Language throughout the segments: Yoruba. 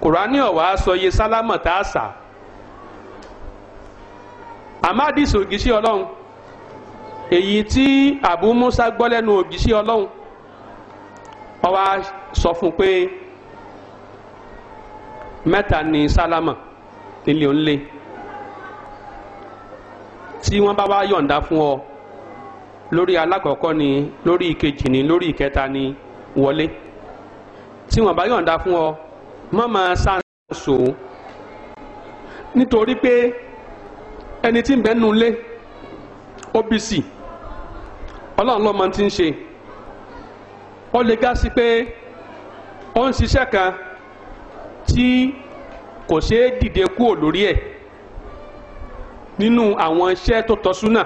Kurani ọ̀wá sọ iye sálámọ̀ tá a sà amádìsí ògìṣẹ́ ọlọ́run èyí tí Abu Musa gbọ́ lẹ́nu ògìṣẹ́ ọlọ́run ọwá sọ fún pé mẹ́ta ni sálámọ̀ nílé onílé tí wọ́n bá wá yọ̀ǹda fún ọ lórí alákọ̀ọ́kọ́ ni lórí ìkejì ni lórí ìkẹta ni wọlé tí wọ́n bá yọ̀ǹda fún ọ má máa ṣàṣò nítorí pé ẹni tí ń bẹ nulé obc ọlọ́run ló mọ ti ń ṣe ó lè gá sí pé ó ń ṣiṣẹ́ kan tí kò ṣeé dìde kúrò lórí ẹ̀ nínú àwọn iṣẹ́ tó tọ́ súnà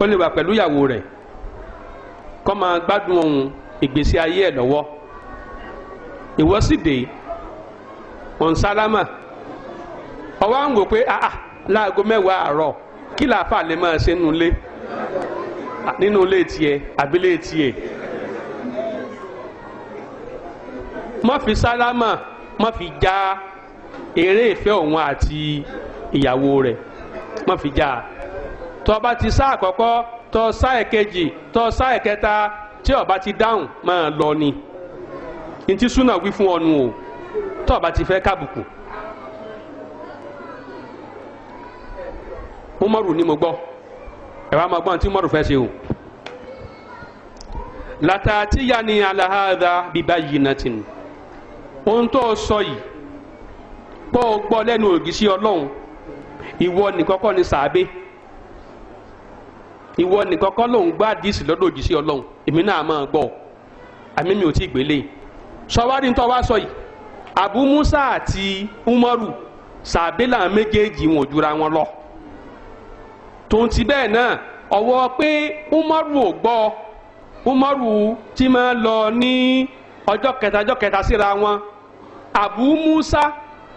ó lè wà pẹ̀lú ìyàwó rẹ̀ kó máa gbádùn ohun ìgbésí ayé ẹ̀ lọ́wọ́ ìwọ sì dé ọ̀nsálámà ọwọ́ àwọn wò pé àà ah, ah, láago mẹ́wàá àárọ̀ kí làáfà lè máa ṣe nínú ilé ah, nínú ilé tiẹ̀ àbílẹ̀ tiẹ̀ mọ́ fi sálámà mọ́ fi já eré ìfẹ́ òun àti ìyàwó rẹ̀ mọ́ fi já tọ́ bá ti sá àkọ́kọ́ tọ́ sá ẹ̀kejì tọ́ sá ẹ̀kẹta tí ó bá ti dáhùn máa lọ ni ntí suna wí fún ọnu o tó o bá ti fẹ́ kábùkù. umaru ni mo gbọ́ ẹ wá máa gbọ́n tí umaru fẹ́ ṣe o. látàtí ya alahada bíbá yìí náà ti nù ohun tó o sọ yìí pọ́ o gbọ́ lẹ́nu ni sàábé ìwọ nìkan kọ́ lòun gbá àdìsí lọ́dọ̀ ògìsí ọlọ́run èmi náà máa gbọ́ àmì mi ò sọwárí tó wá sọ yìí abu musa àti umaru sàbílà méjèèjì wọn ò jura wọn lọ tòun ti bẹ́ẹ̀ náà ọ̀wọ́ pé umaru ò gbọ́ umaru ti máa lọ ní ọjọ́ kẹta ọjọ́ kẹta síra wọn abu musa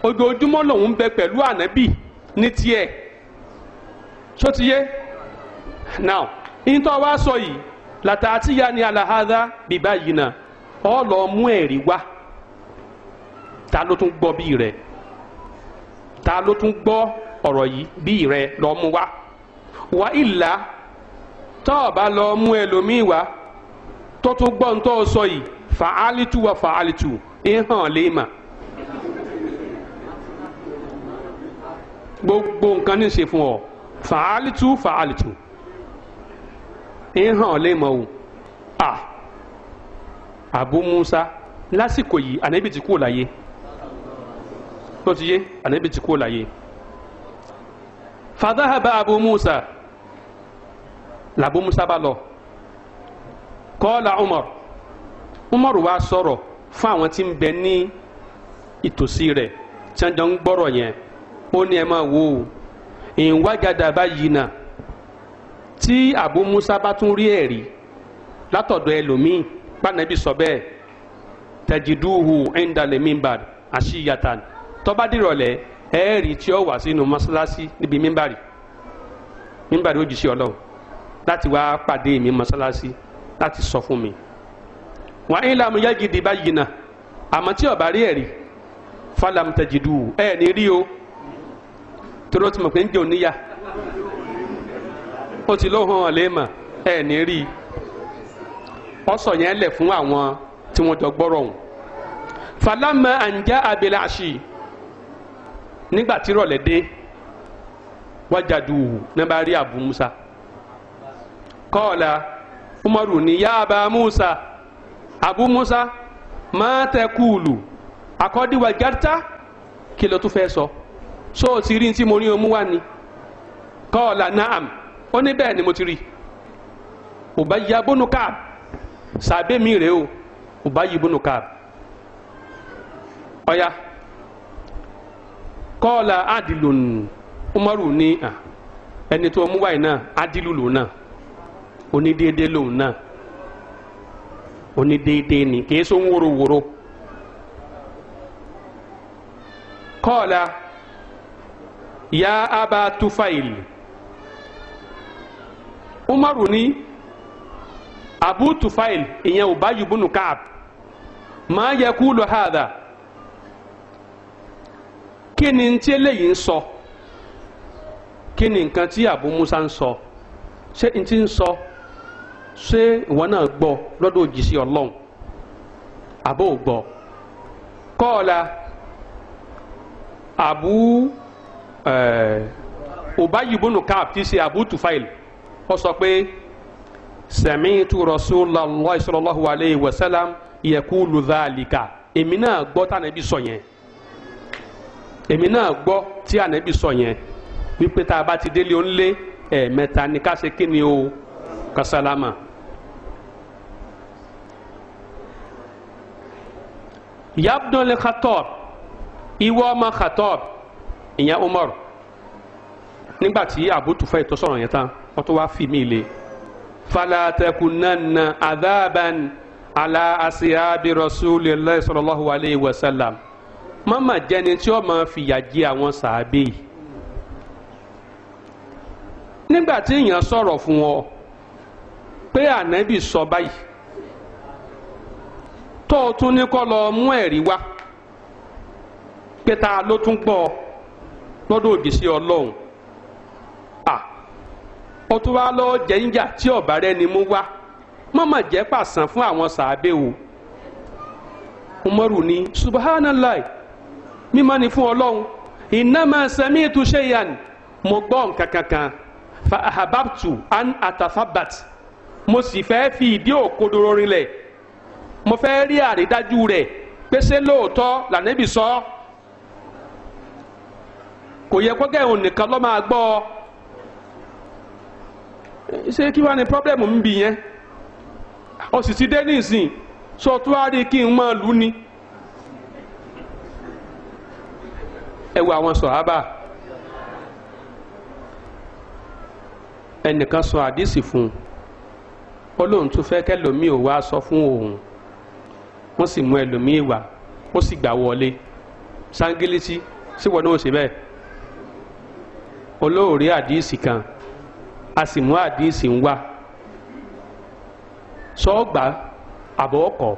ojoojúmọ́ lòun ń bẹ pẹ̀lú ànábì ní tiẹ̀ sotiye now ìtọ́ wa sọ yìí làtà ni alahada bíbá yìí náà ọ lọ mú ẹ̀rí wá ta ló tún gbọ́ bí rẹ̀ ta ló tún gbọ́ ọ̀rọ̀ yìí bí rẹ̀ lọ mú wá wá ìlà tọ́ ọ bá lọ mú ẹlòmíì wá tó tún gbọ́ ń sọ yìí fàálítù wà fàálítù ìhàn lè mà. gbogbo nǹkan ní ṣe fún ọ fàálítù fàálítù ìhàn lè mọ̀ o. Ah abu musa lásìkò yìí ànábì ti kú láyé tó ti yé ànábì ti kú láyé fadahaba abu musa làbú musa bá lọ kọ́ọ̀lá umar umar wa sọ̀rọ̀ fún àwọn tí ń bẹ ní ìtòsí rẹ̀ tí wọ́n jọ ń gbọ́rọ̀ yẹn ó ní ẹ máa wò ó báyìí náà tí abu musa bá tún rí ẹ̀rí látọ̀dọ̀ ẹlòmíì pànàbí sọ bẹ́ẹ̀ tẹ̀jìdúhù ẹ̀ńdàlẹ̀ mímbàd àṣìyàtàn tọ́ba dìrọ̀lẹ́ ẹ̀ẹ́rì tí ó wà sínú mọ́sálásí níbi mímbàrì mímbàrì ó jìṣẹ́ ọlọ́run láti wá pàdé mi masalasi láti sọ fún mi. wàá ń làmú gidi bá náà na. tí ọ̀bá rí falam rí o tí mo ọsọ yẹn lẹ̀ fún àwọn tí wọ́n jọ gbọ́rọ̀ ọ̀hún falama anja abilashi nígbà tí ìrọ̀lẹ́ dé wájàdù nàbà rí abu musa kọ́ọ̀la umaru ni yaaba musa abu musa máa tẹ kúùlù akọ́díwà járta kí ló sọ so ti rí tí mo rí omu wá ni kọ́ọ̀la naam ó ní bẹ́ẹ̀ ni mo ti rí Ubayya bunu Ka'b sàbẹ̀ mi rèé o Ubayy ibn Ka'b ọ̀ya kọ́ọ̀là adìlùn Umaru ní ah, ẹni tó mú wáyé náà adìlù lòun náà onídéédé lòun náà onídéédé ni kìí sọ ń wòrowòro kọ́ọ̀là ya Aba Tufail Umaru ní. abu tufail ìyẹn ubayu bunu kaab máa yẹ kú lọ hàdà kí ni tí eléyìí ń sọ kí ni nǹkan tí abu musa ń sọ ṣé n ti ń sọ ṣé ìwọ náà gbọ́ lọ́dọ̀ òjìṣẹ́ ọlọ́run àbò gbọ́ kọ́ọ̀la abu eh, ubayu bunu kaab ti ṣe abu tufail ó sọ pé sami'tu rasulallah sallallahu alayhi wa sallam yakulu dhalika èmi náà gbọ́ tí ànábì sọ yẹn èmi náà gbọ́ tí ànábì sọ yẹn wípé tá a bá ti délé onílé ẹ̀ẹ̀mẹ́ta ni ká ṣe kí ni o kásálámà. yabdole khatob iwọ ọmọ khatob ìyẹn umar nígbà tí abutufa ètò yẹn tán wọ́n tún wá fi mí le fala takunanna adhaban ala asihabi rasulillahi sallallahu alayhi wa sallam mama jẹni tí ó máa fìyà jẹ àwọn sàábì nígbà tí èèyàn sọ̀rọ̀ fún ọ pé ànábì sọ báyìí tó o tún ní kó lọ mú ẹ̀rí wá pé ta ló tún gbọ́ lọ́dọ̀ òjì sí ọlọ́run ó tún wá lọ́ọ́ jẹ́ ń yà tí ọ̀bà rẹ ni mú wá mọ́mọ́ jẹ́ pàṣán fún àwọn sàábẹ́ o umaru ni subhanallah mímọ́ ni fún ọlọ́run innama sami'tu shay'an mo gbọ́ nǹkan kankan fa ahababtu an atafabat mo sì fẹ́ fi ìdí òkodoro rinlẹ̀ mo fẹ́ rí àrídájú rẹ̀ pèsè lóòótọ́ lànàbì sọ kò yẹ kó gẹ̀ òun nìkan ló máa gbọ́ ọ ṣé kí wàá ní pọ́blẹ́mù ń bì yẹn ó sì ti dé nísìn sọ tó wá rí kí n máa lù ni. ẹ wo àwọn sọ̀hábà ẹnìkan sọ àdìsí fún un ó lóun tún fẹ́ kẹlòmíì ò wá sọ fún òun wọ́n sì mú ẹlòmíì wá ó sì gbà wọlé sángílítì síwọ́n náà ó bẹ́ẹ̀ olóòrí àdìsí kan. asịmụ adịsị nwa so ọ gba abụọ kọ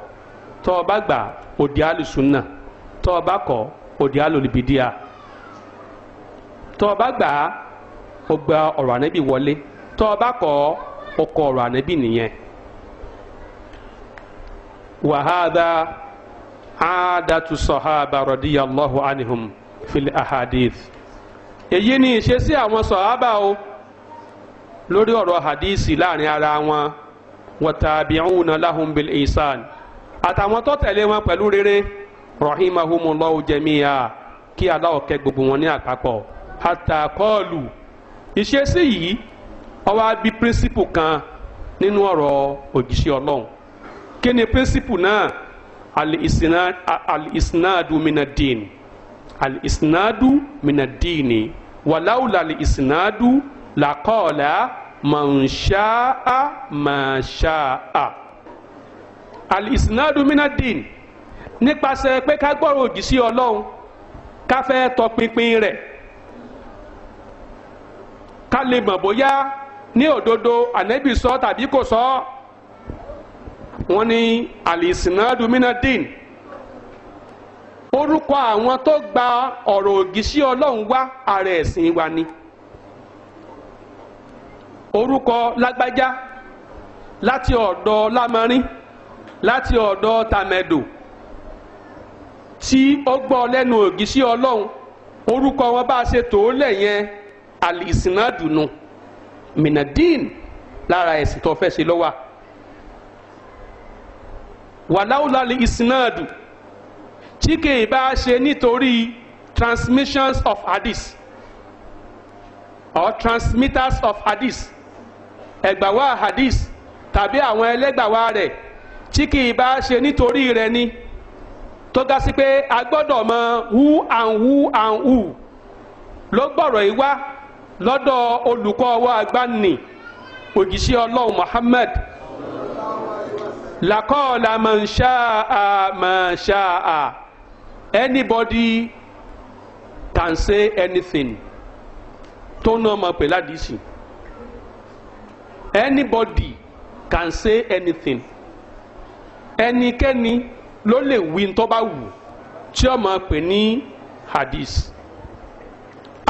to ọ gba gba odialisunna to ọ gba kọ odialolibidi a to ọ gba gba ọkọọrọ anabi wọle to ọgba kọ ọkọọrọ anịbi niyen wahada ha datu so ha abara diya allohu alihum fili hadith eyi ni ise si awọn so ha abara o lórí ọ̀rọ̀ hadisi láàrin ara wọn watabi'una lahum bil ihsan àtàwọn tó tẹ̀lé wọn pẹ̀lú rere rahimahumullahu jami'a kí Allah kẹ́ gbogbo wọn ní àpapọ̀ hatta qalu ìṣesí yìí ó wá bí píríncípù kan nínú ọ̀rọ̀ òjíṣẹ́ ọlọ́run kí ni píríncípù náà al-isnadu minad-din al-isnadu minad-dini làkọ́ọ̀lá mọ̀nṣáà mọ̀nṣáà. alìsínádù mínádìn nípasẹ̀ pé ká gbọ́rọ̀ òjì sí ọlọ́run ká fẹ́ tọpinpin rẹ̀ ká lè mọ̀ bóyá ní òdodo ànẹ́bì sọ tàbí kò sọ wọ́n ní alìsínádù mínádìn orúkọ àwọn tó gba ọ̀rọ̀ òjì sí ọlọ́run wá ààrẹ ẹ̀sìn wa ni orúkọ lágbájá láti ọ̀dọ̀ lámarín láti ọ̀dọ̀ tàmẹ̀dò tí ó gbọ́ lẹ́nu ògìsí ọlọ́run orúkọ wọn bá ṣe tòó lẹ̀ àlìsínádùnú minadin lára ẹ̀sìn tó fẹ́ ṣe lọ́wọ́ wàláwùlálì ìsínádù tí kì bá ṣe nítorí transmissions of hadith or transmitters of hadith ẹgbàwá hadith tàbí àwọn ẹlẹ́gbàwá rẹ̀ tí kì í bá ṣe nítorí rẹ̀ ni tó ga sí pé a gbọ́dọ̀ mọ who and who and who ló gbọ́rọ̀ yìí wá lọ́dọ̀ olùkọ́ wa agbani òjíṣẹ́ ọlọ́run Muhammad làkọ́ọ̀lá mọ̀nṣáà mọ̀nṣáà anybody can say anything tó náà mọ̀ pẹ̀lú àdìsí anybody can say anything ẹnikẹ́ni ló lè wí tó bá wù tí ó pè ní hadith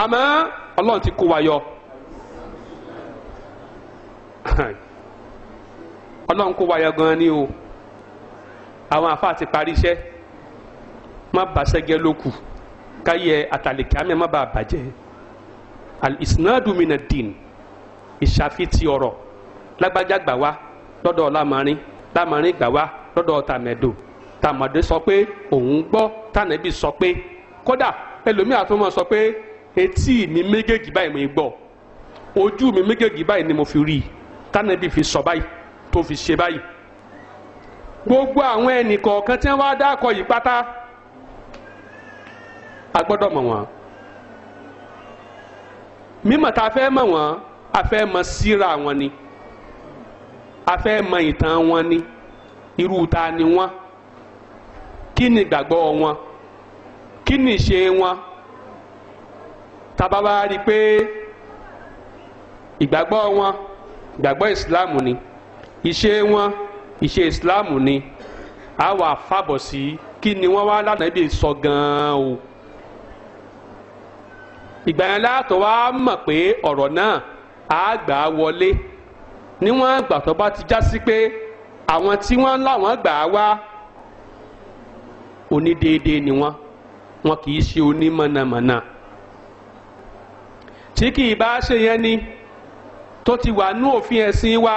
àmọ́ ọlọ́run ti kó wa yọ ọlọ́run kó wa yọ gan-an ni o àwọn àfáà ti parí iṣẹ́ má bàṣẹ́gẹ́ ló kù káyẹ àtàlẹ́kẹ́ àmì má bàa bàjẹ́ al-isnadu mina din ìṣàfitì ọ̀rọ̀ lágbájá gbà wá lọ́dọ̀ lámarin lámarin gbà wá lọ́dọ̀ tàmẹ̀dò tàmọ̀dé sọ pé òun gbọ́ tànẹ́bì sọ pé kódà ẹlòmíà tó mọ̀ sọ pé etí mi méjèèjì báyìí mo gbọ́ ojú mi méjèèjì báyìí ni mo fi rí i tànẹ́bì fi sọ báyìí tó fi ṣe báyìí gbogbo àwọn ẹnì kọ̀ọ̀kan tí wọ́n wá dákọ̀ yìí pátá a gbọ́dọ̀ mọ̀ wọ́n mímọ̀ tá a fẹ́ mọ̀ wọ́n a fẹ́ mọ̀ síra wọn ni a fẹ́ mọ ìtàn wọn ni irú ta ni wọ́n kí ni ìgbàgbọ́ wọn kí ni ìṣe wọn tababa rí i pé ìgbàgbọ́ wọn ìgbàgbọ́ ìsìláàmù ni ìṣe wọn ìṣe ìsìláàmù ni a wà fàbọ̀ sí kí ni wọ́n wá lánàá ibi sọ gan-an o ìgbà yẹn wá mọ̀ pé ọ̀rọ̀ náà a gbà á wọlé níwọ̀n àgbà tó bá ti já pé àwọn tí wọ́n láwọn gbà á wá onídéédéé ni wọ́n wọn kì í ṣe onímọ̀nàmọ̀nà tí kì í bá ṣe yẹn ni tó ti wà nú òfin ẹ̀sìn wa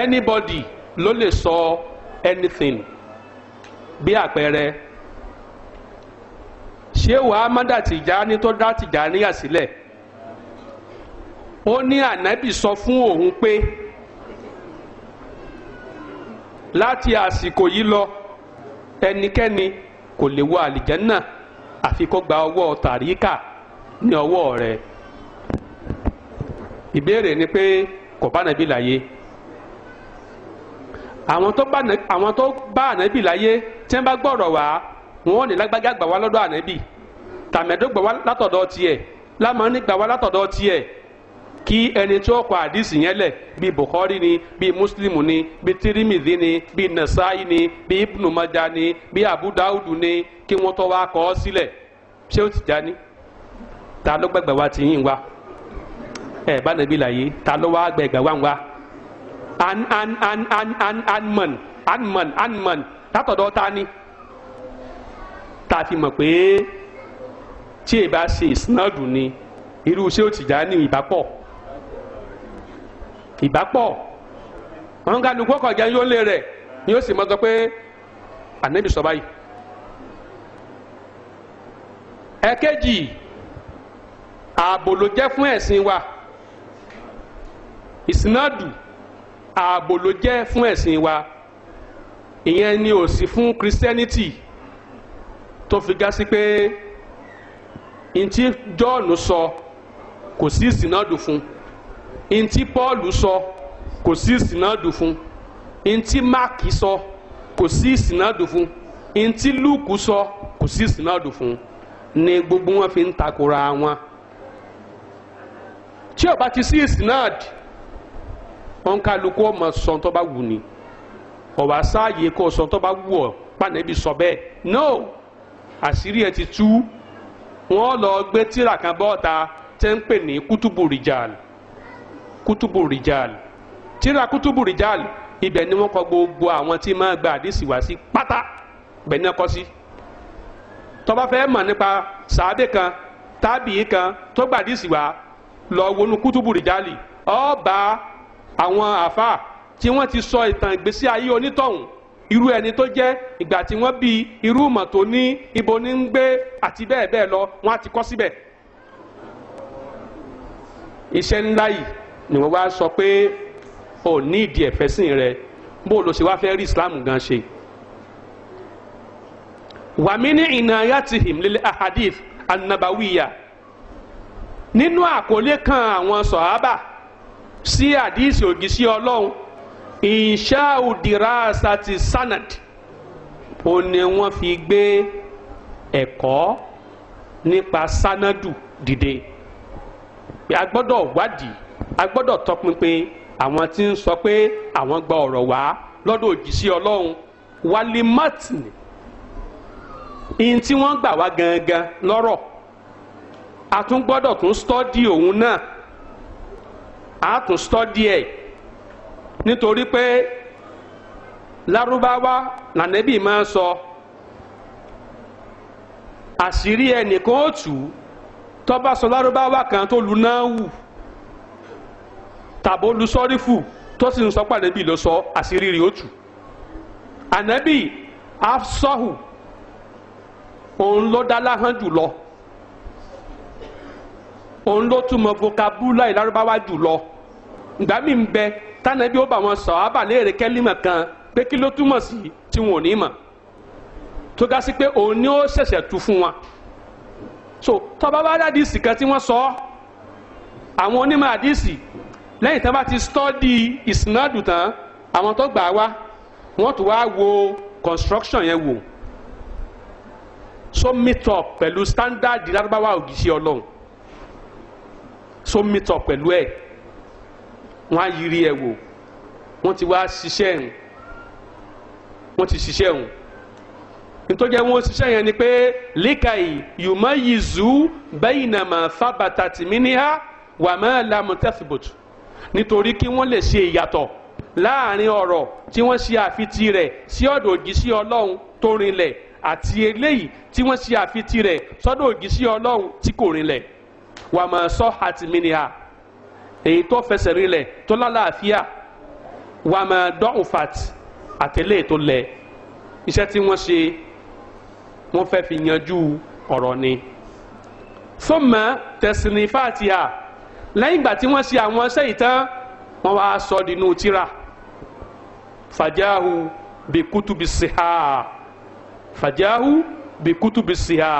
anybody ló lè sọ anything bí àpẹẹrẹ ṣé wàá mọ́dà tìjà ní tó dá tìjà níyà sílẹ̀. Si ó ní ànábì sọ fún òun pé láti àsìkò yìí lọ ẹnikẹ́ni kò lè wọ àlìjẹ́nà àfi kó gba ọwọ́ tàríkà ní ọwọ́ rẹ̀ ìbéèrè ni pé kò bá nàbí láyé àwọn tó bá ànábì láyé tí wọ́n bá gbọ́rọ̀ wá wọn ní lágbájá gbà wá lọ́dọ̀ ànábì tàmẹ́dó gbà wá látọ̀dọ̀ tiẹ̀ lámọ́ ní gbà wá látọ̀dọ̀ tiẹ̀ kí ẹni tí ó kọ àdìsí yẹn lẹ̀ bí bukhari ni bí muslim ni bí tirimidhi ni bí nasai ni bí ibnu maja ni bí abu daudu ni kí wọ́n tó wá kọ ọ sílẹ̀ ṣé ó ti já ní ta ló gbẹgbẹ wa ti yín wa ẹ bá nàbí làyé ta ló wá gbẹgbẹ wa ń wa an an an an an anman anman anman látọ̀dọ̀ ta ni ta fi mọ̀ pé tí èèbá ṣe ìsinádùn ni irú ṣé ó ti já ní ìbápọ̀ ìbápọ̀ wọn ká lùkọ́ kọjá yóò lé rẹ̀ yóò sì mọ́ sọ pé ànábì sọ báyìí. ẹ̀kejì ààbò ló jẹ́ fún ẹ̀sìn wa ìsínádù ààbò ló jẹ́ fún ẹ̀sìn wa ìyẹn ni ò sí fún Christianity tó fi gá sí pé ntí Jọ́ọ̀nù sọ kò sí ìsínádù fún un ntí Pọ́ọ̀lù sọ kò sí ìsìnàdù fún ntí Máàkì sọ kò sí ìsìnàdù fún ntí Lúùkù sọ kò sí ìsìnàdù fún ni gbogbo wọn fi ń takora wọn tí ó bá ti sí ìsìnàdù wọn kálukú ọmọ sọ tó bá wù ní ọwọ asáàyè kó sọ tó bá wù ọ pànẹbí sọ bẹ́ẹ̀ no àṣírí ẹ ti tú wọn lọ gbé tírà kan bọ́ọ̀ta tẹ́ ń pè ní kútùbù rìjàlì Kutubu rìjàl tíra kútùbù rìjàl ibẹ̀ ni wọ́n kọ gbogbo àwọn tí máa gba àdìsí wá sí pátá bẹ̀ ní ọkọ sí tó bá fẹ́ mọ̀ nípa sàábẹ̀ kan tábìí kan tó gba àdìsí wá lọ wọnú kútùbù rìjàlì ó bá àwọn àfa tí wọ́n ti sọ ìtàn ìgbésí ayé onítọ̀hún irú ẹni tó jẹ́ ìgbà tí wọ́n bí irú mọ̀ tó ní ibo ní ń gbé àti bẹ́ẹ̀ bẹ́ẹ̀ lọ wọ́n ti kọ síbẹ̀ iṣẹ́ ńlá yìí ni wọ́n wá sọ pé ò ní ìdí ẹ̀fẹ́sìn rẹ bó ló ṣe wá fẹ́ rí islam gan ṣe. wàmínì ìnáyàtìhìm lílẹ̀ ahadith anabawiya nínú àkọlé kan àwọn sọ̀hábà sí àdíìsì ògìsí ọlọ́run ìṣàùdìràṣà ti sanad ó ní wọ́n fi gbé ẹ̀kọ́ nípa sanadu dìde a gbọ́dọ̀ wádìí a gbọ́dọ̀ tọpinpin àwọn tí ń sọ pé àwọn gba ọ̀rọ̀ wá lọ́dọ̀ òjíṣẹ́ ọlọ́run wálé mọ́tìnì ihun tí wọ́n gbà wá gangan lọ́rọ̀ a tún gbọ́dọ̀ tún stọ́dí òun náà a tún stọ́dí ẹ̀ nítorí pé lárúbáwá lànàbí máa ń sọ àṣírí ẹnìkan ó tù tọ́ba sọ lárúbáwá kan tó lu náà wù tàbí olùsọ́rífù tó sì ń sọ pé ànábì ló sọ àṣírí rí òtù ànábì afsọ́hù òun ló dá láhán jùlọ òun ló túmọ̀ vocabulary lárúbáwá jùlọ ìgbà mi ń bẹ tánàbí ó bá wọn sọ abàlẹ́rẹ̀ kẹ́límà kan pé kí ló túmọ̀ sí tí wọn ò ní mọ̀ tó ga sí pé òun ni ó ṣẹ̀ṣẹ̀ tu fún wọn so tọ́ba bá dá díìsì kan tí wọ́n sọ àwọn onímọ̀ àdíìsì lẹ́yìn tán bá ti stọ́dì ìsìnàdù tán àwọn tó gbà wá wọ́n tún wá wo construction yẹn wò so meet up pẹ̀lú standard lárúbáwá ògìṣẹ́ ọlọ́run so meet up pẹ̀lú ẹ̀ wọ́n á yiri ẹ̀ wò wọ́n ti wá ṣiṣẹ́ ẹ̀ wọ́n ti ṣiṣẹ́ ẹ̀ nítorí àwọn òṣìṣẹ́ yẹn ni pé líkàì yùmọ̀ yìí zú bẹ́yìn nàmà fábàtà tìmínìhà wàmẹ́ làmùtẹ́fìbòtù nítorí kí wọ́n lè ṣe ìyàtọ̀ láàrin ọ̀rọ̀ tí wọ́n ṣe àfitì rẹ̀ sí ọ̀dọ̀ òjíṣẹ́ Ọlọ́run tó rinlẹ̀ àti eléyìí tí wọ́n ṣe àfitì rẹ̀ sọ́dọ̀ òjíṣẹ́ Ọlọ́run tí kò rinlẹ̀ wà máa sọ àtìmínìhà èyí tó fẹsẹ̀ rinlẹ̀ tó lálàáfíà wà máa dọ́hùn fat àtẹlẹ́ tó lẹ̀ iṣẹ́ tí wọ́n ṣe wọ́n fẹ́ fi yanjú ọ̀rọ̀ ni. fún mọ́ tẹ̀sínìfà lẹ́yìn ìgbà tí wọ́n ṣe àwọn iṣẹ́ yìí tán wọ́n wá sọ dínú tírà fàjáhu bìkútù bìsíhà fàjáhu bìkútù bìsíhà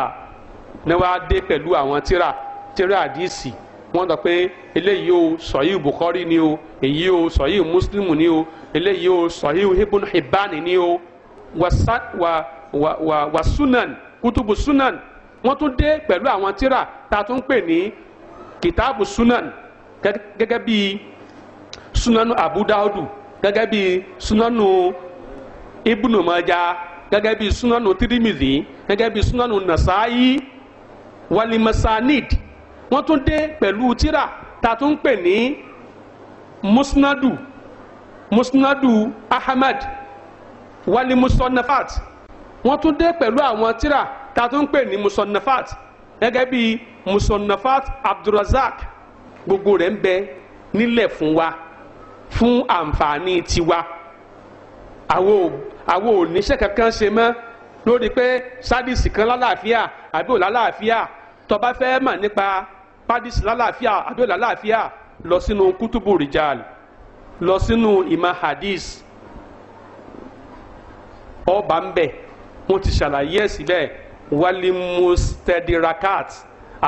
ni wọ́n á dé pẹ̀lú àwọn tírà tírà àdìsí wọ́n sọ pé eléyìí o sọ̀yìí Bukhari ni o èyí o sọ̀yìí Muslim ni o eléyìí o sọ̀yìí Ibn Hibban ni o wàsá wà wà sunan kutubu sunan wọ́n tún dé pẹ̀lú àwọn tírà tá a tún pè ní kìtàbù sunan gẹ́gẹ́ bí sunanu abu daudu gẹ́gẹ́ bí sunanu ibnu maja gẹ́gẹ́ bí sunanu tirimizi gẹ́gẹ́ bí sunanu nasayi walimasanid wọ́n tún dé pẹ̀lú tírà ta tún pè ní musnadu musnadu ahmad walimusonafat wọ́n tún dé pẹ̀lú àwọn tírà ta tún pè ní musonafat gẹ́gẹ́ bí musonafat abdulrasaq gbogbo rẹ̀ ń bẹ nílẹ̀ fún wa fún àǹfààní tiwa àwọn oníṣẹ́ kankan ṣe mọ́ lórí pé sádìsì kan lálàáfíà àbí ò lálàáfíà tó bá fẹ́ mọ̀ nípa pádìsì lálàáfíà àbí ò lálàáfíà lọ sínú kútùbù rìjàl lọ sínú ìmọ̀ hadith ọba ń bẹ wọ́n ti ṣàlàyé ẹ̀ síbẹ̀ wálé mustadirakat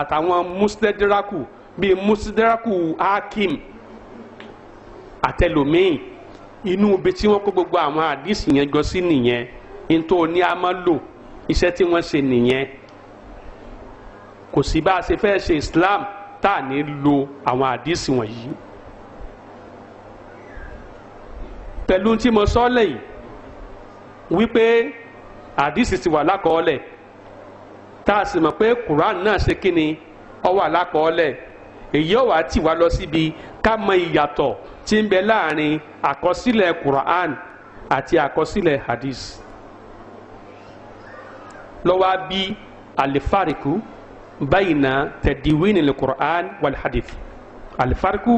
àtàwọn muslediraku bíi muslediraku hakim àtẹlòmíì inú ibi tí wọ́n kó gbogbo àwọn àdìsí yẹn jọ sí nìyẹn nítorí ní a máa lò iṣẹ́ tí wọ́n ṣe nìyẹn kò sí bá a ṣe fẹ́ ṣe Islam tá a ní lo àwọn àdìsí wọ̀nyí pẹ̀lú tí mo sọ lẹ́yìn wípé àdìsí ti wà lákọọ́lẹ̀ tá a sì mọ̀ pé Quran náà ṣe kí ni ó wà lákọọ́lẹ̀ èyí ọ̀wá tì wá lọ síbi ká mọ ìyàtọ̀ tí ń bẹ láàrin àkọsílẹ̀ Quran àti àkọsílẹ̀ hadith lọ́wọ́ bí alifariku bayna tẹ̀díwìn lè Quran wal hadith alifariku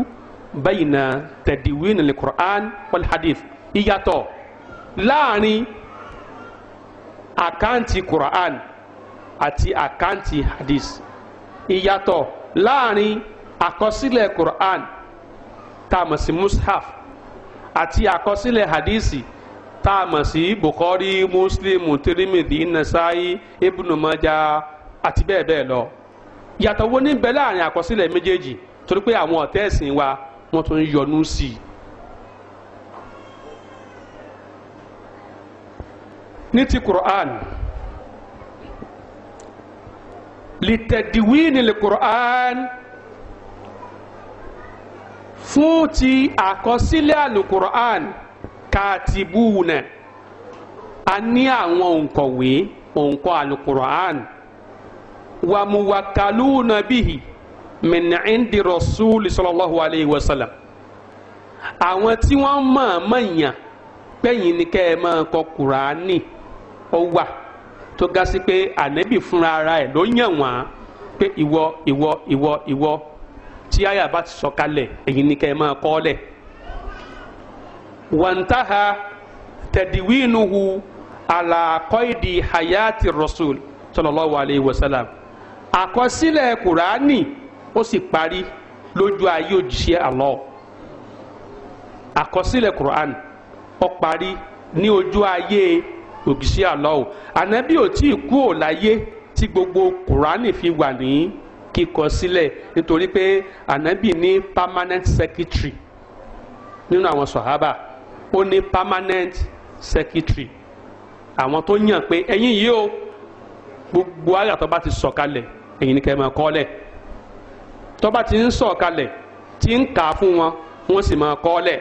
bayna tẹ̀díwìn lè Quran wal hadith ìyàtọ̀ láàrin àkáǹtì Quran àti àkáǹtì hadith ìyàtọ̀ láàrin àkọsílẹ̀ Quran tá a mọ̀ sí mushaf àti àkọsílẹ̀ hadisi tá a mọ̀ sí Bukhari Muslim Tirmidhi Nasai Ibn Majah àti bẹ́ẹ̀ bẹ́ẹ̀ lọ yàtọ̀ wo ní bẹ láàrin àkọsílẹ̀ méjèèjì torí pé àwọn ọ̀tẹ́ ẹ̀sìn wa wọ́n tún yọnu sí i. ní ti Quran litẹdiwini alukur'an fún ti àkọsílẹ̀ alukur'an kàtìbùnà a ní àwọn òǹkọ̀wé òǹkọ̀ alukur'an wàmúwàkàlùnà bìhì mìnàcíndì rọ̀ṣúlì sọlọ́láhu aleyhi wa sàlám àwọn tí wọ́n mọ̀ ọ́ mọ̀ yàn pẹ́yìn ni kẹ́ ẹ máa kọ kùránì ó wà tó ga sí pé ànẹ́bì fúnra ara ẹ̀ ló yàn wọ́n pé ìwọ ìwọ ìwọ ìwọ tí àyà bá ti sọ̀kalẹ̀ èyí ni kẹ́ ẹ máa kọ́ lẹ̀. wàǹtáha tẹ̀díwínuhu àlàkọ́ìdì hayati rasul sallallahu alayhi wa sallam àkọsílẹ̀ kùránì ó sì parí lójú ayé òjíṣẹ́ Allah àkọsílẹ̀ kùránì ó parí ní ojú ayé ògìṣẹ́ Allah ànábì ò tí ì kú ò láyé tí gbogbo kùránì fi wà ní kíkọ sílẹ̀ nítorí pé ànábì ní permanent secretary nínú àwọn sọ̀hábà ó ní permanent secretary àwọn tó yàn pé ẹ̀yin yìí o gbogbo àyàtọ̀ bá ti sọ̀kalẹ̀ ẹ̀yin ni kẹ́ ẹ máa kọ lẹ̀ tọ́ba ti ń sọ̀kalẹ̀ ti ń kà fún wọn wọ́n sì máa kọ lẹ̀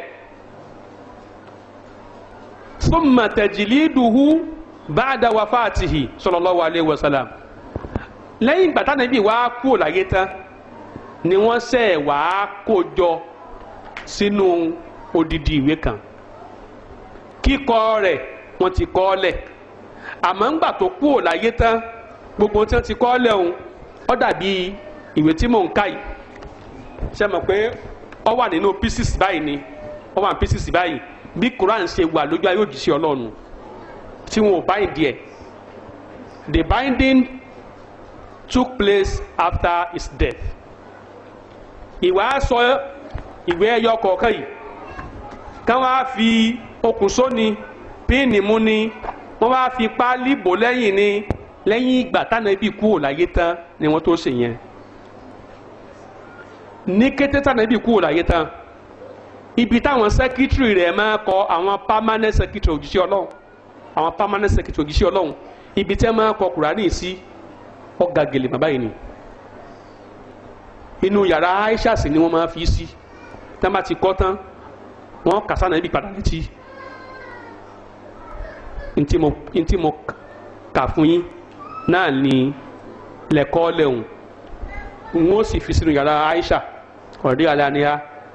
thumma tajliduhu ba'da wafatihi sallallahu alayhi wa sallam lẹ́yìn ìgbà tánàbí wàá kú láyé tán ni wọ́n ṣe wàá kó jọ sínú odidi ìwé kan kíkọ rẹ̀ wọ́n ti kọ ọ́ lẹ̀ àmọ́ ńgbà tó kú láyé tán gbogbo tí wọ́n ti kọ ọ́ lẹ̀ òun ó dàbí ìwé tí mò ń kà yìí ṣe mọ̀ pé ó wà nínú pieces báyìí ni ó wà ní pieces báyìí bí Quran ṣe wà lójú ayé òjíṣẹ́ Ọlọ́run tí wọn ò bind ẹ̀ the binding took place after his death ìwà sọ ìwé ẹyọ kọ̀ọ̀kan yìí káwọn á fi okùn sóni píìnì mú ni wọ́n wá fi páálí bò lẹ́yìn ni lẹ́yìn ìgbà tánàbí kúrò láyé tán ni wọ́n tó ṣe yẹn ní kété tánàbí kúrò láyé tán ibi táwọn sẹ́kítírì rẹ̀ máa kọ àwọn permanent secretary òjíṣẹ́ ọlọ́run àwọn permanent secretary òjíṣẹ́ ọlọ́run ibi tẹ́ máa kọ kùránì sí ọ̀gá gèlè bàbá yìí ni inú yàrá Aisha sì ni wọ́n máa fi sí tẹ́ bá ti kọ́ tán wọ́n kàsá náà ibi padà létí ntí mo kà fún yín náà ni lẹ́kọ́ lẹ́hùn n ó sì fi sínú yàrá Aisha ọ̀rẹ́dẹ́ alẹ́ àníyá.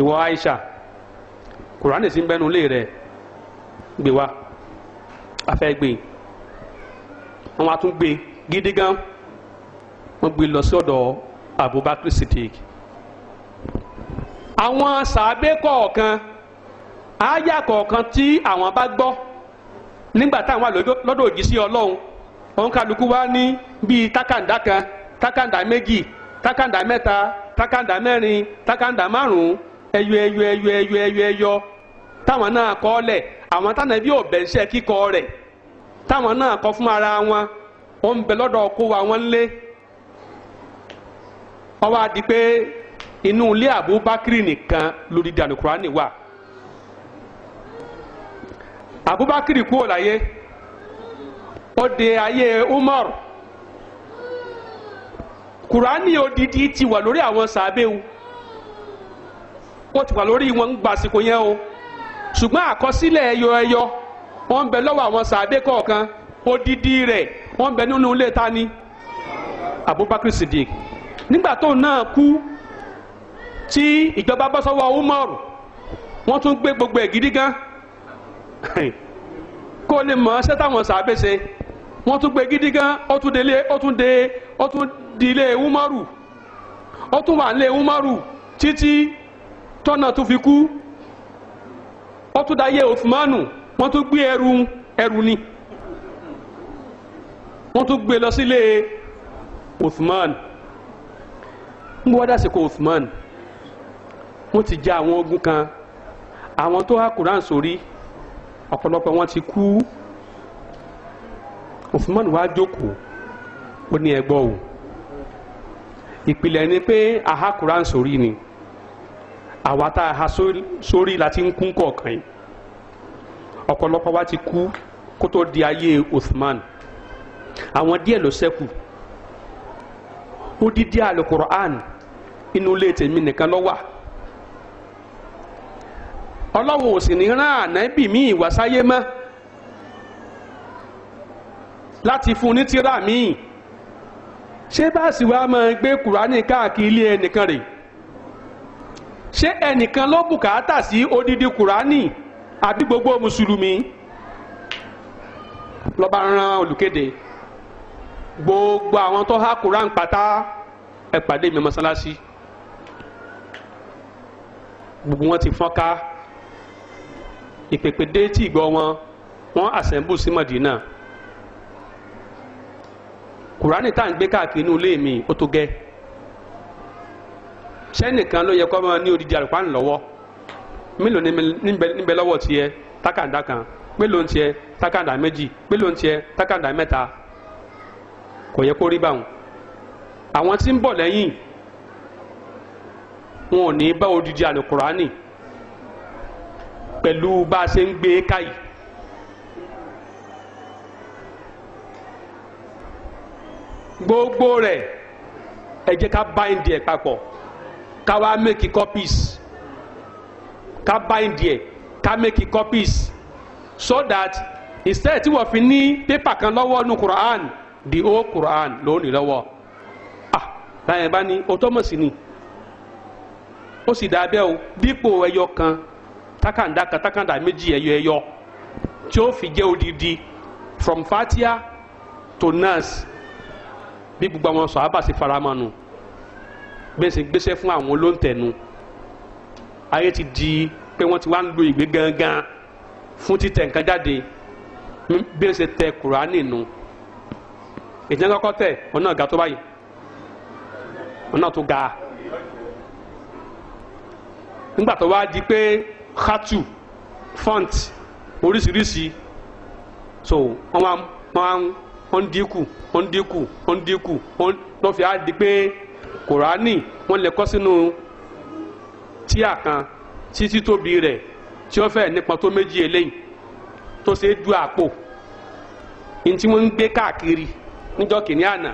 ìwọ Aisha kùránì sí ń bẹ́nu lé rẹ̀ gbé wa afẹ́ gbé wọn wá tún gbé gidi gan wọn gbé lọ sí ọ̀dọ̀ Abubakar Siddiq àwọn sàábé kọ̀ọ̀kan àáyà kọ̀ọ̀kan tí àwọn bá gbọ́ nígbà táwọn lọ́dọ̀ òjì sí ọlọ́run òun kálukú wá ní bíi tákàndá kan tákàndá méjì tákàndá mẹ́ta tákàndá mẹ́rin tákàndá márùn ẹyọ ẹyọ ẹyọ ẹyọ ẹyọ ẹyọ táwọn náà kọ lẹ̀ àwọn tánàbí ò bẹ̀ iṣẹ́ kíkọ rẹ̀ táwọn náà kọ fún ara wọn ó ń bẹ lọdọ kó wa wọn lé ọwọ́ adi pé inú ilé Abubakar nìkan lórí dànù Kúránì wà Abubakar kú ọ̀láyé ó de ayé Umar Kúránì odidi ti wà lórí àwọn sàbẹ̀wò. wọ́n ti wà lórí wọn ń gba àsìkò yẹn o ṣùgbọ́n àkọsílẹ̀ ẹyọ ẹyọ wọ́n ń bẹ lọ́wọ́ àwọn sàbẹ́ kọ̀ọ̀kan odidi rẹ̀ wọ́n ń bẹ nínú ilé ta ni Abubakar Siddiq nígbà tóun náà kú tí ìjọba bọ́ sọ́wọ́ Umar wọ́n gbogbo ẹ̀ gidi gan kó lè mọ̀ ṣẹ́ táwọn ṣe wọ́n gan ó tún délé ó tún dé ó di Umaru ó tún wà Umaru títí. tọ́nà tó fi kú ó tún dayé Usmanu wọ́n tún gbé ẹrù ẹrù ni wọ́n tún gbé lọ sílé Usman ń bọ́ dásìkò Usman wọ́n ti ja àwọn ogun kan àwọn tó há Quran sórí ọ̀pọ̀lọpọ̀ wọn ti kú Usman wàá jókòó ó ní ẹgbọ́ o ìpìlẹ̀ ni pé àhá Quran sórí ni àwa tá a ha sórí láti ń kún kọ̀ọ̀kan yìí ọ̀pọ̀lọpọ̀ wa ti kú kó tó di ayé Uthman àwọn díẹ̀ ló ṣẹ́kù ó dídí alukur'an inú ilé tèmi nìkan ló wà ọlọ́wọ́ ò sì ní rán ànábì mí ìwàsáyé mọ́ láti fún ní tírà míì ṣé bá sì wá máa gbé kùránì káàkiri ilé ẹnìkan rèé ṣé ẹnìkan ló bùkátà sí odidi kùránì àbí gbogbo mùsùlùmí lọ́ba ran olùkéde gbogbo àwọn tó há kùránì pátá ẹ mi mọ́sálásí gbogbo wọn ti fọ́nká ìpèpè dé tí ìgbọ́ wọn wọ́n àṣẹ̀mbù sí Mọ̀dínà kùránì tá à ń gbé káàkiri inú ilé mi ó tó gẹ́ẹ́. sẹ́nìkan ló yẹ kó máa ní odidi àlùkùránì lọ́wọ́ mélòó níbẹ̀ lọ́wọ́ tiẹ̀ tákàndá kan mélòó ń tiẹ̀ méjì mélòó ń tiẹ̀ mẹ́ta kò yẹ kó rí báwọn àwọn tí ń bọ̀ lẹ́yìn wọn ò ní bá odidi àlùkùránì pẹ̀lú bá a ṣe ń gbé gbogbo rẹ̀ ẹ jẹ́ ká báyìí di ká wá make copies ká bind ẹ̀ ká make copies so that instead tí wọ́n fi ní pépà kan lọ́wọ́ nu Quran the old Quran ló ní lọ́wọ́ ah báyẹn bá ní o tó mọ̀ sí ni ó sì dá abẹ́ o dípò ẹyọ kan takanda kan takanda méjì ẹyọ ẹyọ tí ó fi jẹ́ odidi from Fatia to Nas bí gbogbo àwọn sọ̀hábà sì faramọ́ nu bẹ́ẹ̀ sì gbéṣẹ́ fún àwọn olóńtẹ̀nu ayé ti di pé wọ́n ti wá ń lo ìgbé gangan fún títẹ̀ nǹkan jáde hmm, bí wọ́n ṣe tẹ kùránì nu ìjẹ́ kọ́kọ́ tẹ̀ ọ̀nà ga tó báyìí ọ̀nà tó ga nígbà tó wá di pé hátù font oríṣiríṣi so wọ́n wá wọ́n dínkù wọ́n dínkù wọ́n dínkù wọ́n lọ́ fi á di pé kùránì wọ́n lè kọ́ sínú tíà kan tí títóbi rẹ̀ tí ó fẹ́ nípa tó méjì eléyìí tó ṣe é du àpò ní tí wọ́n ń gbé káàkiri níjọ́ kìíní àná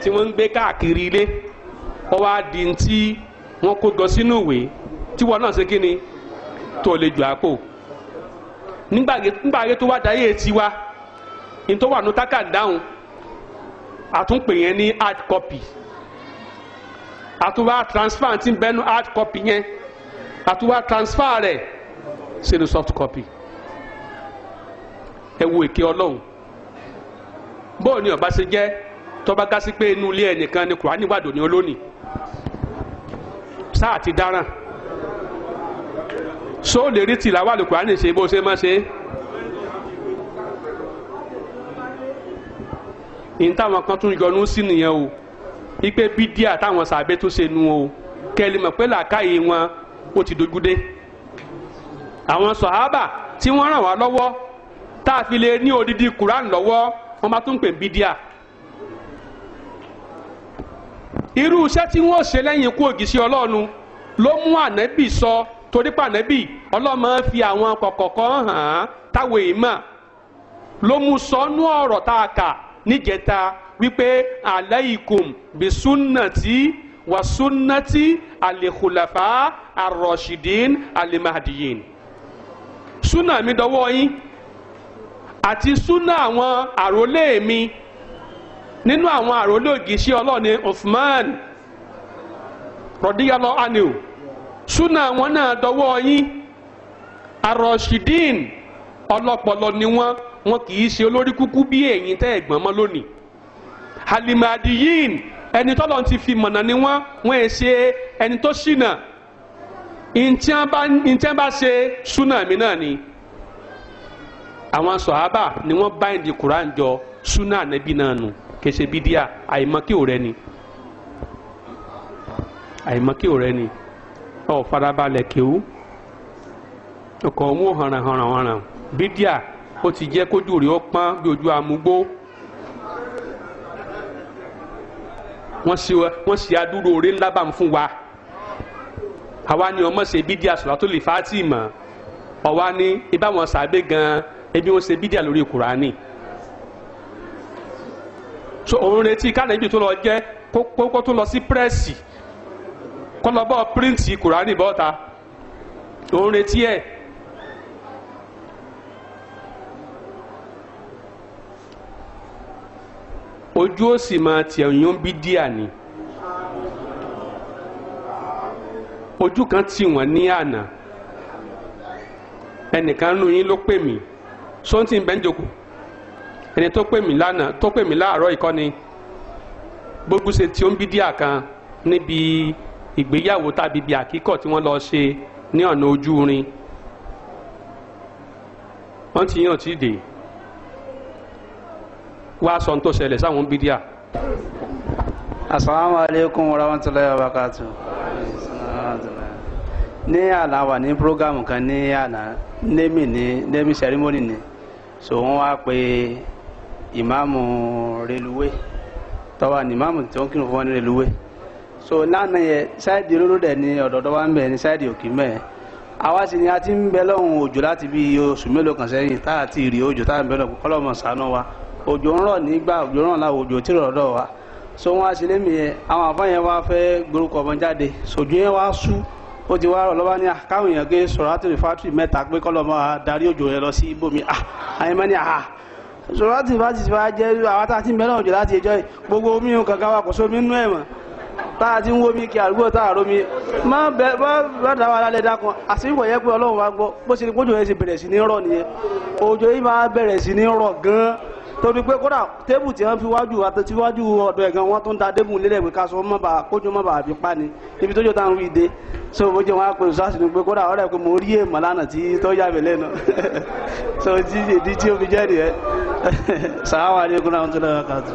tí wọ́n ń gbé káàkiri ilé ó wá di tí wọ́n kó jọ sínú ìwé tí wọ́n náà ṣe kí ni tó lè ju àpò nígbàgbé tó wá dáyé tiwa ní tó wà ní tákàdáhùn àtúnpè yẹn ní hard copy àtúwá transfer ti bẹnu hard copy yẹn àtúwá transfer rẹ̀ sínú soft copy ẹ wo èké ọlọ́run bóò ni ọba ṣe jẹ́ tọ́ba gá sí pé inú ilé ẹnìkan ni kùránì wà dòní olónìí sáà ti dáràn so lè rí tìlà wà lè kùránì ṣe bó ṣe má ṣe. ìyẹn táwọn kan tún yọnu sí nìyẹn o ipe bídíà táwọn sàbẹ tó ṣe nu o kẹlẹ mọ̀ pé làákàyè wọn ó ti dojúdé àwọn sọhábà tí wọ́n ràn wá lọ́wọ́ tá a fi lè ní odidi Quran lọ́wọ́ wọ́n máa tún pè ń bídíà irú iṣẹ́ tí wọ́n ṣe lẹ́yìn ikú ògìṣẹ́ Ọlọ́run ló mú ànábì sọ torí pànábì ọlọ́mọ fi àwọn kọ̀kọ̀kọ́ hàn án táwọn èèmọ̀ ló mú sọnú ọ̀rọ̀ tá a kà níjẹta wípé alaykum bisunnati wa sunnati alikulafa arọṣidin alimahdiyin sunna mi dọ́wọ́ yín àti sunna àwọn àrólé mi nínú àwọn àrólé ògìṣẹ́ ọlọ́ọ̀ni Uthman rọ̀díyàlọ́ anil sunna àwọn náà dọ́wọ́ yín arọṣidin ọlọ́pọlọ ni wọ́n wọn kì í ṣe olórí kúkú bí ẹ̀yin tẹ́ ẹ̀gbọ́n mọ́ lónìí alimadiyin ẹni tọ́lọ̀ ti fi mọ̀nà ni wọ́n wọ́n ẹ̀ ṣe ẹni tó ṣìnà ìtẹ́ bá ṣe suna mi náà ni àwọn sọ̀hábà ni wọ́n bá ìdí kuran jọ súnà ànábì náà nù kèsè bídíà àìmọ́kí ò rẹ ni ò rẹ ni ọ̀ farabalẹ̀ kéwú ọkọ̀ òun ò ó ti jẹ́ kójú rẹ̀ pọ́n bí ojú amúgbó. wọ́n ṣe wọ́n ṣe adúrò oore ńlá bá ń fún wa àwa ni ọmọ ṣe bídí àsọlá tó lè fàátì mọ́ ọ̀wá ní ibà wọn sàbẹ gan ebi wọn ṣe bídí àlórí kùránì so òun retí káàdé ibi tó lọ jẹ kókó tó lọ sí pírẹ́sì kọ́ lọ bọ́ píríǹtì kùránì bọ́ta òun retí ẹ̀ ojú ó sì máa tì ẹ̀yún bí díà ni ojú kan tì wọ́n ní àná ẹnìkan nù yín ló pè mí sóńtì ń bẹ́ ń jòkó ẹni tó pè mí lánàá tó pè mí láàárọ̀ ìkọ́ni gbogbo ṣe tí ó ń bí díà kan níbi ìgbéyàwó tàbí ibi àkíkọ̀ tí wọ́n lọ ṣe ní ọ̀nà ojú irin wọ́n ti yàn tí dè é. Wa sọ tó ṣẹlẹ̀ sáwọn bídíà. asalaamualeykum wa rahmatulahi wa barakatu. ní àná wà ní programu kan ne mi némi ní némi ceremony ni so wọ́n wá pe ìmáàmù reluwé tọ́wọ́ ni ìmáàmù tí wọ́n kírun fún wọn ní reluwé so lánàá yẹ sáìdì olódò ní ọ̀dọ̀dọ̀ wa ń bẹ̀ ní sáìdì òkè mẹ́ẹ̀ àwa sì ni a ti ń bẹ lọ́hùn òjò láti bí oṣù mélòó kan sẹ́yìn tá a ti rí òjò tá a ń bẹ lọ́hùn kọ́lọ́mọ̀ ṣàánú wa òjò ń rọ̀ nígbà òjò ń rọ̀ la òjò tí rọ̀ dọ̀ wa so wọn á sì lémi yẹn àwọn àfa yẹn wá fẹ́ gborúkọ ọmọ jáde sòjú yẹn wá sú ó ti wá rọ̀ lọ́wọ́ ní àkáwọn èèyàn gé sọ̀rọ̀tìrì fátìrì mẹ́ta pé kọ́lọ́ máa darí òjò yẹn lọ sí ibòmí ah àyẹn mẹ́ni ah sọ̀rọ̀tìrì fátìrì wa jẹ́ àwọn tá a ti ń bẹ̀rẹ̀ òjò láti ẹjọ́ gbogbo omi kankan wa kò sómi nú ẹ̀ mọ́ tá a ti ń womi kí àdúgbò tá a romi má bẹ má bá dá wa lálẹ́ dákun àsìkò yẹ pé ọlọ́run wa gbọ́ bó ṣe ni kójú yẹn ti bẹ̀rẹ̀ sí ní rọ̀ nìyẹn òjò yìí máa bẹ̀rẹ̀ sí ní rọ̀ gan-an torí pé kódà tébù tí wọ́n fi wájú àtẹ̀tí wájú ọ̀dọ̀ ẹ̀gàn wọn tó ń da débù nílẹ̀ ìwé kaṣọ mọ́ bàa kójú mọ́ bàa fi pa ni ibi tó jọ táwọn wí dé so mo jẹ́ wọn á pè é sásì ni pé kódà ọ̀rẹ́ pé mo rí èèmọ̀ lánàá tí tó yà mí lẹ́nu so ti ìdí tí o fi jẹ́ nìyẹn sàáwá ni kúnlá ń tún lọ́wọ́ kàtó.